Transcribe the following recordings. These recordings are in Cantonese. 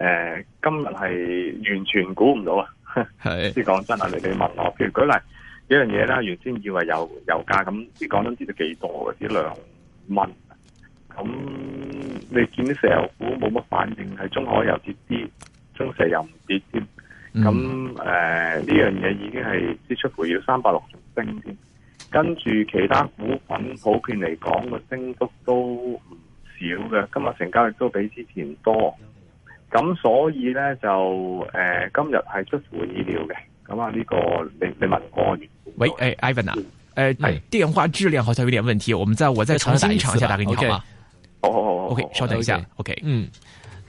誒、呃，今日係完全估唔到啊！即講是真啊，你哋問我，譬如舉例一樣嘢啦，原先以為油油價咁，即講都跌到幾多嘅，啲兩蚊。咁你見啲石油股冇乜反應，係中海油跌啲，中石油唔跌添。咁誒，呢樣嘢已經係支出回要三百六仲升添。跟住其他股份普遍嚟講個升幅都唔少嘅，今日成交亦都比之前多。咁所以咧就誒、呃，今日係出乎意料嘅。咁、這、啊、個，呢個你你問我。我問我喂，誒、哎、，Ivan 啊，誒、呃，電話質量好像有點問題，我們再我再重新打一,一下打給你好嗎？好好好，OK 稍等一下，OK，, okay. 嗯。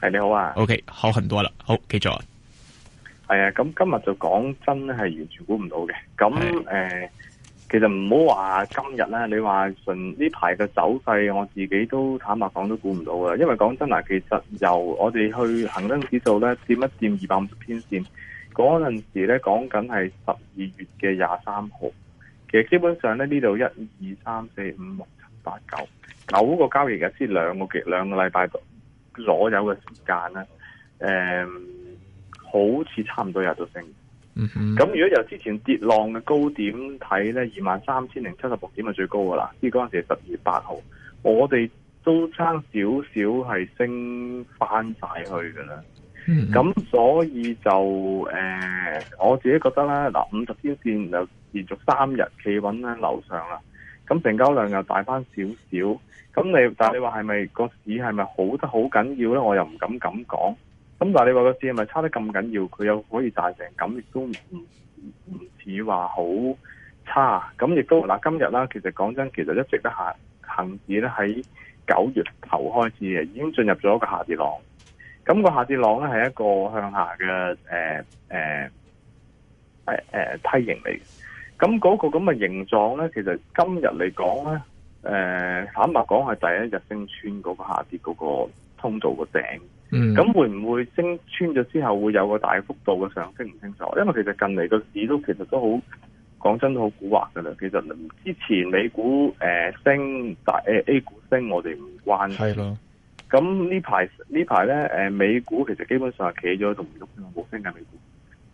係你好啊，OK，好很多啦，好繼續。係啊，咁今日就講真係完全估唔到嘅。咁誒，其實唔好話今日啦，你話順呢排嘅走勢，我自己都坦白講都估唔到嘅。因為講真啊，其實由我哋去恒生指數咧，跌一跌二百五十天線嗰陣時咧，講緊係十二月嘅廿三號。其實基本上咧呢度一二三四五六七八九九個交易日先兩個幾兩個禮拜度。所有嘅時間咧，誒、嗯、好似差唔多日就升，咁、嗯、哼如果由之前跌浪嘅高點睇咧，二萬三千零七十六點係最高噶啦，呢個時十二月八號，我哋都差少少係升翻晒去噶啦，咁、嗯、哼所以就誒、呃、我自己覺得咧，嗱五十天線就連續三日企穩咧樓上啦。咁成交量又大翻少少，咁你但係你話係咪個市係咪好得好緊要咧？我又唔敢咁講。咁但係你話個市係咪差得咁緊要？佢又可以大成咁，亦都唔似話好差。咁亦都嗱，今日啦，其實講真，其實一直都行行市咧，喺九月頭開始嘅，已經進入咗一個下跌浪。咁個下跌浪咧係一個向下嘅誒誒誒誒梯形嚟。咁嗰個咁嘅形狀呢，其實今日嚟講呢，誒、呃，坦白講係第一日升穿嗰個下跌嗰個通道個頂。嗯。咁會唔會升穿咗之後會有個大幅度嘅上升？唔清楚，因為其實近嚟個市都其實都好，講真都好蠱惑噶啦。其實之前美股誒、呃、升但、呃、A 股升，我哋唔關。係咯。咁呢排呢排呢誒，美股其實基本上係企咗喺度唔喐冇升緊美股。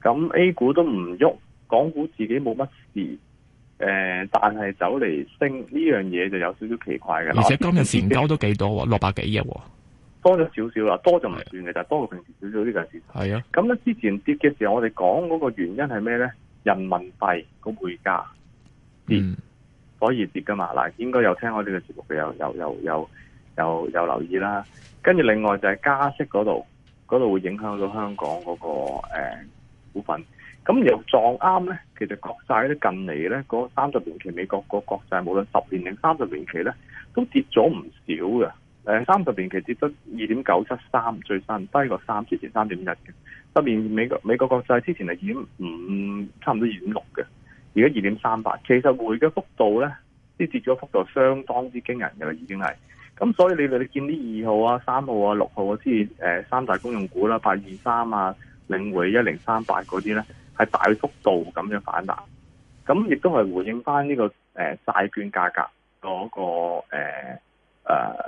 咁 A 股都唔喐。港股自己冇乜事，誒、呃，但係走嚟升呢樣嘢就有少少奇怪嘅。而且今日成交都幾多，在六百幾億，啊，多咗少少啦，多就唔算嘅，的但係多過平時少少呢個事係啊，咁咧的之前跌嘅時候，我哋講嗰個原因係咩咧？人民幣個匯價跌，所、嗯、以跌噶嘛？嗱，應該有聽我呢個節目嘅，有有有有留意啦。跟住另外就係加息嗰度，嗰度會影響到香港嗰、那個誒、呃、股份。咁又撞啱咧，其實國債咧近嚟咧嗰三十年期美國個國債，無論十年定三十年期咧，都跌咗唔少嘅。誒三十年期跌到二點九七三，最新低過三，之前三點一嘅。十年美國美國國債之前係二點五，差唔多二點六嘅，而家二點三八，其實匯嘅幅度咧，啲跌咗幅度相當之驚人嘅，已經係。咁所以你你見啲二號啊、三號啊、六號啊，即係誒三大公用股啦、八二三啊、領匯一零三八嗰啲咧，係大幅度咁樣反彈，咁亦都係回應翻、這、呢個誒債、呃、券價格嗰、那個誒誒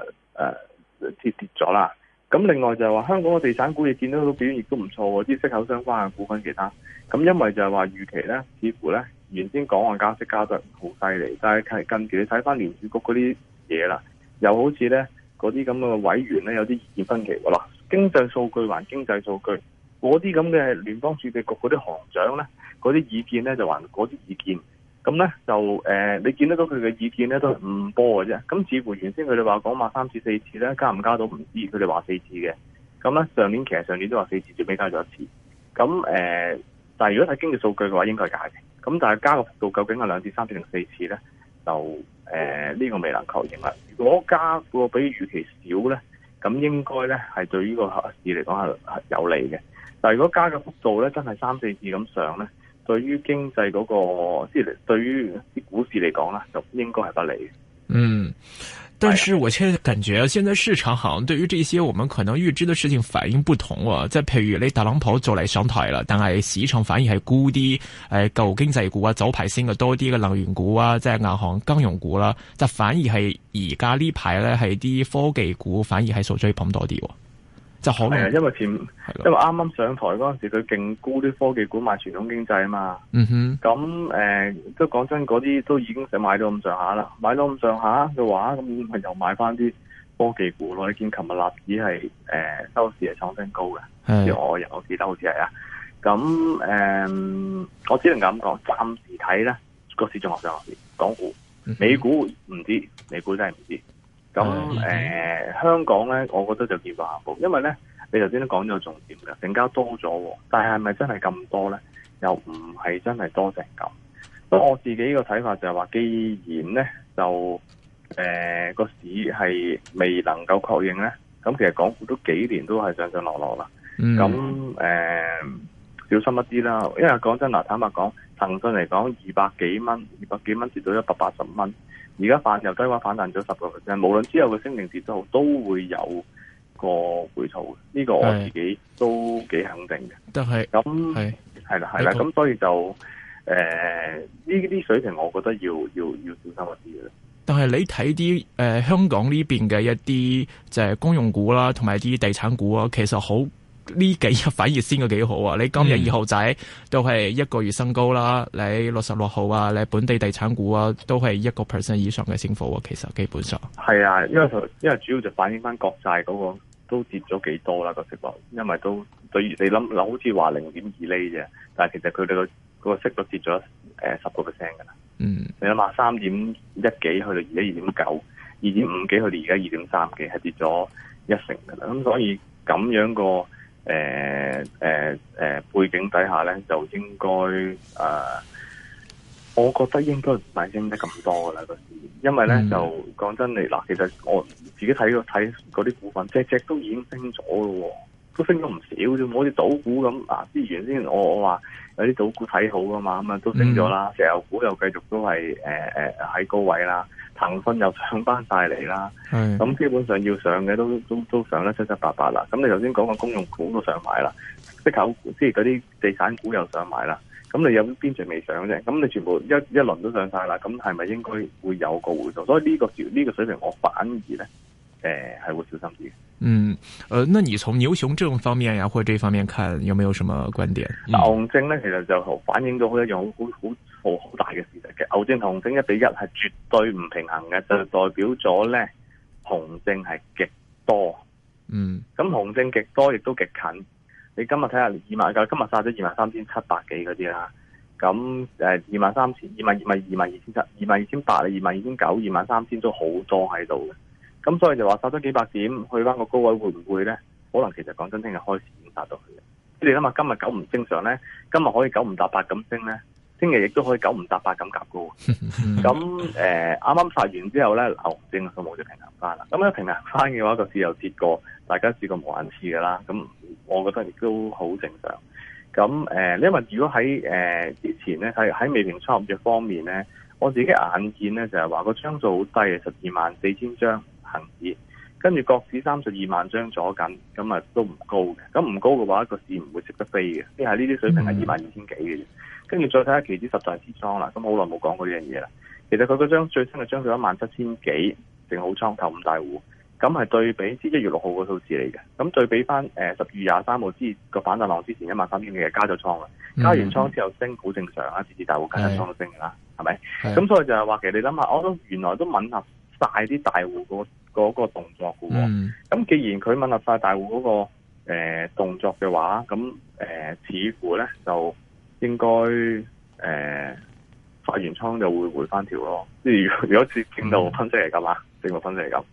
誒跌跌咗啦。咁另外就係話香港嘅地產股亦見到佢表現亦都唔錯，啲息口相關嘅股份其他。咁因為就係話預期咧，似乎咧原先港元加息加得好犀利，但係近跟住你睇翻聯儲局嗰啲嘢啦，又好似咧嗰啲咁嘅委員咧有啲意見分歧。嗱，經濟數據還經濟數據。嗰啲咁嘅聯邦儲備局嗰啲行長咧，嗰啲意見咧就還嗰啲意見，咁咧就誒、呃、你見得到佢嘅意見咧都唔多嘅啫。咁似乎原先佢哋話講話三次四次咧，加唔加到唔知，佢哋話四次嘅，咁咧上年其實上年都話四次，最尾加咗一次。咁誒、呃，但係如果睇經濟數據嘅話，應該係解嘅。咁但係加個幅度究竟係兩至三至零四次咧，就誒呢、呃這個未能確認啦。如果加個比預期少咧，咁應該咧係對呢個市嚟講係有利嘅。但如果加嘅幅度咧，真係三四字咁上咧，對於經濟嗰、那個，即係對於啲股市嚟講咧，就應該係不利嘅。嗯，但是我現在感覺，現在市場好像對於這些我們可能預知的事情反應不同，即、啊、在、就是、譬如你特朗普就嚟上台啦，但係市場反而係沽啲誒舊經濟股啊，早排升嘅多啲嘅能源股啊，即、就、係、是、銀行、金融股啦、啊，就反而係而家呢排咧係啲科技股，反而係受追捧多啲、啊。就可能，因為前因為啱啱上台嗰陣時，佢勁沽啲科技股，買傳統經濟啊嘛。嗯哼。咁誒，即係講真，嗰啲都已經成買到咁上下啦，買到咁上下嘅話，咁又買翻啲科技股咯。你見琴日納指係誒收市係創新高嘅，即係的我人我記得好似係啊。咁誒、呃，我只能咁講，暫時睇咧，個市仲向上，港股，嗯哼美股、美股唔知，美股真係唔知。咁誒那、嗯呃、香港咧，我覺得就見步行步，因為咧你頭先都講咗重點嘅，成交多咗，但係咪真係咁多咧？又唔係真係多成咁。咁我自己個睇法就係話，既然咧就誒個、呃、市係未能夠確認咧，咁其實港股都幾年都係上上落落啦。咁誒、嗯呃、小心一啲啦，因為講真嗱，坦白講。騰訊嚟講，二百幾蚊，二百幾蚊跌到一百八十蚊，而家反又低位反彈咗十六 percent。無論之後嘅升定跌都好，都會有個回吐嘅。呢個我自己都幾肯定嘅。但係咁係係啦係啦，咁、嗯、是所以就誒呢啲水平，我覺得要要要小心一啲嘅。但係你睇啲誒香港呢邊嘅一啲就係公用股啦、啊，同埋啲地產股啊，其實好。呢幾日反而先個幾好啊！你今日二號仔都係一個月升高啦，嗯、你六十六號啊，你本地地產股啊，都係一個 percent 以上嘅升幅，其實基本上係啊，因為因為主要就反映翻國債嗰、那個都跌咗幾多啦個息率，因為都對你諗嗱，好似話零點二厘啫，但係其實佢哋個個息率跌咗誒十個 percent 噶啦，嗯，你諗下三點一幾去到而家二點九，二點五幾去到而家二點三幾，係跌咗一成噶啦，咁所以咁樣個。誒誒誒，背景底下咧就應該誒、呃，我覺得應該唔係升得咁多噶啦，個市因為咧、嗯嗯、就講真你嗱，其實我自己睇過睇嗰啲股份，只只都已經升咗咯，都升咗唔少啫，啊，我好似賭股咁嗱，之前先我我話有啲賭股睇好噶嘛，咁啊都升咗啦，石油、嗯、股又繼續都係誒誒喺高位啦。騰訊又上返曬嚟啦，咁基本上要上嘅都都都上得七七八八啦。咁你頭先講個公用股都上埋啦，即係即係嗰啲地產股又上埋啦。咁你有邊隻未上啫？咁你全部一一輪都上晒啦。咁係咪應該會有個回吐？所以呢、這個呢、這個水平，我反而咧，誒、呃、係會小心啲。嗯，誒、呃，那你從牛熊證方面呀，或者呢方面看，有沒有什麼觀點？牛熊證咧，其實就反映咗好一樣好好好好大嘅。先熊證一比一係絕對唔平衡嘅，就代表咗咧熊證係極多，嗯，咁熊證極多亦都極近。你今日睇下二萬九，今日殺咗二萬三千七百幾嗰啲啦，咁誒二萬三千二萬二萬二千七二萬二千八二萬二千九二萬三千都好多喺度嘅，咁所以就話殺咗幾百點，去翻個高位會唔會咧？可能其實講真聽日開始已經殺到佢，即係你諗下，今日九唔正常咧，今日可以九唔搭八咁升咧。星期亦都可以九唔搭八咁夾高喎， 咁誒啱啱發完之後咧，牛熊證，數目就平衡翻啦。咁咧平衡翻嘅話，個市又跌過，大家試過無人知嘅啦。咁我覺得亦都好正常。咁誒、呃，因為如果喺誒、呃、之前咧，喺喺未平倉嘅方面咧，我自己眼見咧就係話個張數好低，十二萬四千張恆指，跟住國指三十二萬張阻緊，咁啊都唔高嘅。咁唔高嘅話，個市唔會識得飛嘅。即係呢啲水平係二萬二千幾嘅啫。 跟住再睇下期指十大持倉啦，咁好耐冇講過呢樣嘢啦。其實佢嗰張最新嘅張到一萬七千幾，淨好倉，頭五大戶，咁係對比至一月六號個數字嚟嘅。咁對比翻誒十二月廿三號之個反彈浪之前一萬三千幾嘅加咗倉啦，加完倉之後升好正常啦，次次大戶加一倉都升噶啦，係咪？咁所以就係話，其實你諗下，我都原來都吻合晒啲大戶嗰嗰、嗰個動作嘅喎。咁既然佢吻合晒大戶嗰個誒動作嘅話，咁誒、呃、似乎咧就。應該誒、呃，發完倉就會回翻條咯。即 係如果有一見到分析係咁啊，整個分析係咁。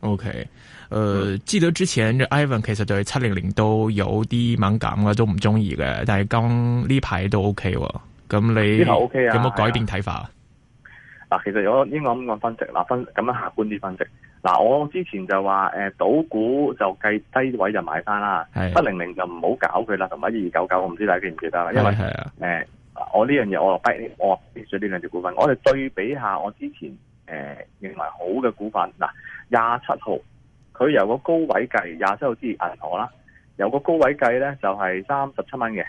O K，誒，記得之前 Ivan 其實對七零零都有啲敏感啦，都唔中意嘅。但係今呢排都 O K 喎。咁你之後 O K 啊？有冇改變睇法啊？嗱、啊，其實我應該咁講分析，嗱、啊、分咁樣客觀啲分析。嗱、啊，我之前就話誒，賭股就計低位就買返啦，七零零就唔好搞佢啦，同埋一二九九，我唔知大家記唔記得啦，因為誒是的、呃，我呢樣嘢我又 buy 我又跌呢兩隻股份，我哋對比下我之前誒、呃、認為好嘅股份，嗱，廿七號佢由個高位計，廿七號之前銀行啦，由個高位計咧就係三十七蚊嘅，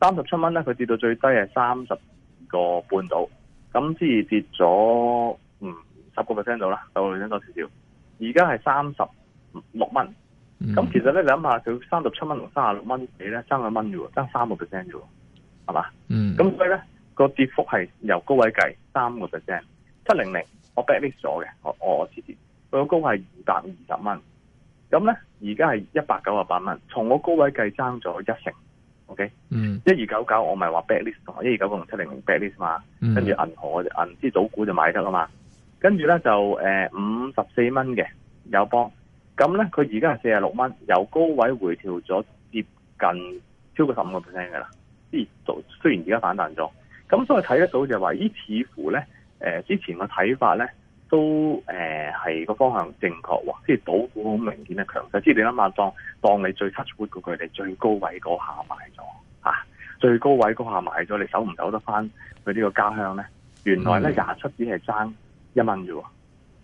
三十七蚊咧佢跌到最低係三十個半到，咁至跌咗。十個 percent 到啦，到個多少少、mm.。而家係三十六蚊，咁其實咧你諗下，佢三十七蚊同三十六蚊，你咧爭一蚊啫喎，爭三個 percent 啫喎，係嘛？嗯，咁所以咧個跌幅係由高位計三個 percent。七零零我 bad list 咗嘅，我我直接佢個高位係二百二十蚊，咁咧而家係一百九十八蚊，從我高位計爭咗一成。O K，嗯，一二九九我咪話 bad list 同埋一二九九同七零零 bad list 嘛，跟住、mm. 銀行我就銀資賭股就買得啦嘛。跟住咧就誒五十四蚊嘅友邦，咁咧佢而家係四十六蚊，由高位回調咗接近超過十五個 percent 嘅啦。即係做雖然而家反彈咗，咁所以睇得到就係話，依似乎咧誒、呃、之前個睇法咧都誒係、呃、個方向正確喎。即係賭股好明顯嘅強勢。即係你諗下，當當你最 touch wood 嘅佢哋最高位嗰下買咗吓，最高位嗰下買咗、啊，你守唔守得翻佢呢個家鄉咧？原來咧廿七點係爭。一蚊啫喎，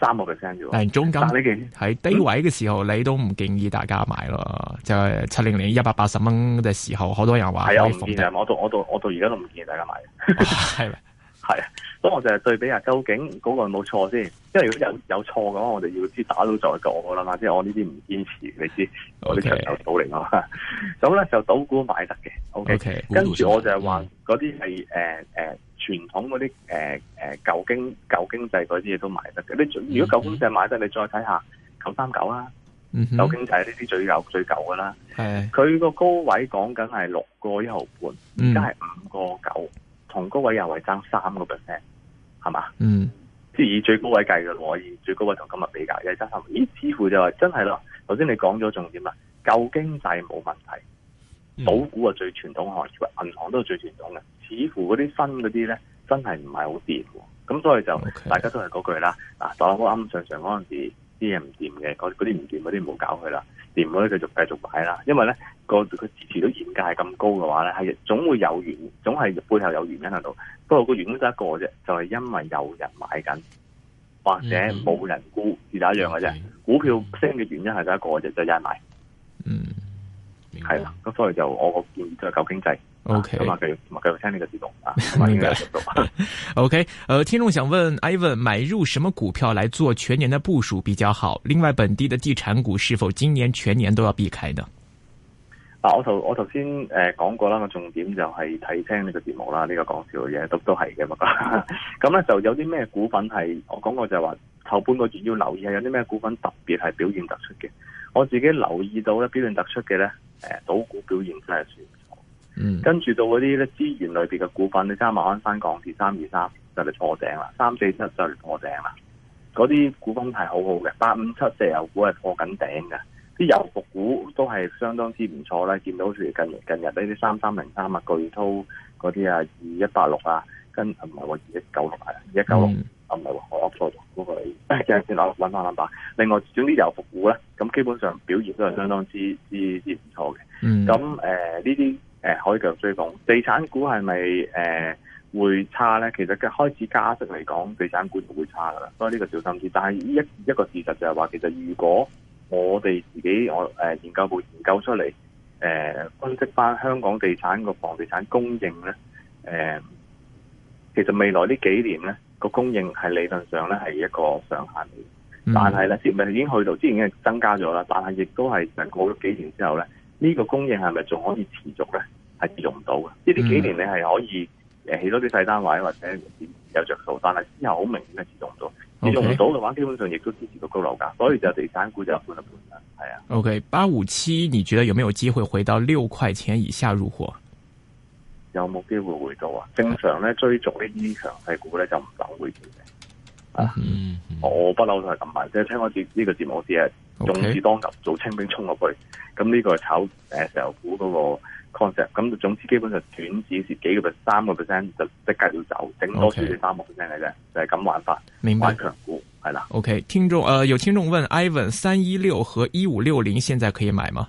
三個 percent 啫喎，但係中間喺低位嘅時候，嗯、你都唔建議大家買咯。就係七零零一百八十蚊嘅時候，好多人話係啊，唔我，我到我到我到而家都唔建議大家買嘅，係咪？係，咁 我就係對比下究竟嗰個冇錯先，因為如果有有錯嘅話，我哋要知打到再講啦嘛。即係我呢啲唔堅持，你知我啲長袖賭嚟噶嘛。咁咧 Okay. 就賭股買得嘅，O K。Okay? Okay，跟住我就係話嗰啲係誒誒。哇傳統嗰啲誒誒舊經舊經濟嗰啲嘢都買得嘅，你如果舊經濟買得，你再睇下九三九啊，舊經濟呢啲最，、啊 mm hmm. 最舊最舊噶啦，佢個的高位講緊係六個一毫半，而家係五個九，同高位又係爭三個 percent，係嘛？嗯，即係、mm. 以最高位計嘅，我以最高位同今日比較，又係爭三。咦，似乎就係、是、真係咯。頭先你講咗重點啊，舊經濟冇問題，賭股啊最傳統行業，銀行都係最傳統嘅。似乎嗰啲新嗰啲咧，真係唔係好掂喎。咁所以就 Okay. 大家都係嗰句啦。嗱，打啱啱上上嗰陣時，啲嘢唔掂嘅，嗰啲唔掂嗰啲唔好搞佢啦。掂嗰啲繼續繼續買啦。因為咧個佢持續到現價係咁高嘅話咧，係總會有原，總係背後有原因喺度。不過個原因得一個啫，就係、是、因為有人買緊，或者冇人沽，只打、mm hmm. 一樣嘅啫。Mm hmm. 股票升嘅原因係得一個啫，mm hmm. 就有人買。嗯、mm，係、hmm. 啦。咁所以就我個建議就係搞經濟。O K，咁啊，可以呢個節目啊，O K，呃，聽眾想問 Ivan，買入什麼股票來做全年的部署比較好？另外，本地的地產股是否今年全年都要避開呢？啊、我頭我頭先誒講過啦，我重點就係睇聽呢個節目啦，呢個講笑嘅嘢都都係嘅嘛。咁咧、嗯、 就有啲咩股份係我講過就係話頭半個月要留意下，有啲咩股份特別係表現突出嘅。我自己留意到咧，表現突出嘅咧，誒、呃，賭股表現真係算。嗯，跟住到嗰啲咧資源裏面嘅股份，你加埋馬鞍山鋼鐵三二三，就嚟破頂啦；三四七就嚟破頂啦。嗰啲股份係好好嘅，八五七四油股係破緊頂嘅，啲油服股都係相當之唔錯啦。見到好似近近日呢啲三三零三啊，巨濤嗰啲啊，二一八六啊，跟唔係話二一九六啊，二一九六啊，唔係話我錯咗嗰個，一陣先我搵翻兩百。另外，總之油服股咧，咁基本上表現都係相當之之之唔錯嘅。咁誒呢啲。誒可以繼續追講地產股係咪誒會差咧？其實嘅開始加息嚟講，地產股會,唔會差噶啦。所以呢個小心啲。但係一一,一個事實就係話，其實如果我哋自己我誒研究部研究出嚟誒、呃、分析翻香港地產個房地產供應咧誒、呃，其實未來呢幾年咧個供應係理論上咧係一個上限嘅，嗯、但係咧，即係已經去到之前已經增加咗啦。但係亦都係誒過咗幾年之後咧，呢、呢個供應係咪仲可以持續咧？.係用唔到嘅，呢啲幾年你係可以誒起多啲細單位或者有着數，但係之後好明顯係用唔到。自 Okay. 用唔到嘅話，基本上亦都支持到高樓價，所以就有地產股就一半一半啦，係啊。O K，八五七，你覺得有冇有機會回到六塊錢以下入貨？有冇機會回到啊？正常咧，追逐呢啲強勢股咧，就唔想回調嘅啊！嗯嗯、我不嬲都係咁買，即係聽我哋呢個節目啲啊，重視當頭做清兵衝落去，咁呢 Okay. 個係炒誒石油股嗰、那個。concept 咁，總之基本上短止是幾個 percent，三個 percent 就即刻要走，頂多少少三個 percent 嘅啫，Okay. 就係咁玩法，明白玩強股係啦。OK，聽眾，誒、呃，有聽眾問，Ivan，三一六和一五六零現在可以買嗎？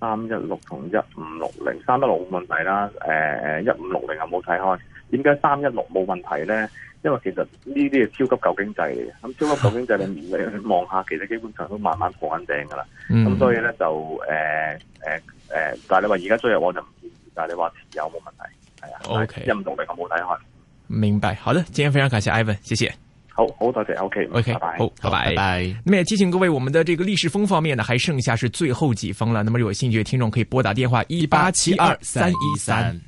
三一六同一五六零，三一六冇問題啦。誒、呃、誒，一五六零啊冇睇開，點解三一六冇問題咧？因為其實呢啲係超級舊經濟嚟嘅，咁超級舊經濟 你你望下，其實基本上都慢慢破緊頂噶啦。咁、嗯、所以咧就誒誒。呃呃誒、呃，但係你話而家追入我就唔建議，但係你話持有冇問題，係啊 Okay.。O K，認同嚟，我冇睇開，明白。好的，今天非常感謝 Ivan，謝謝。好，好多謝，謝。O K，O K，好，拜拜。拜拜。那麼也提醒各位，我們的這個利是封方面呢，還剩下是最後幾封了。那麼有興趣的聽眾可以撥打電話一八七二三一三。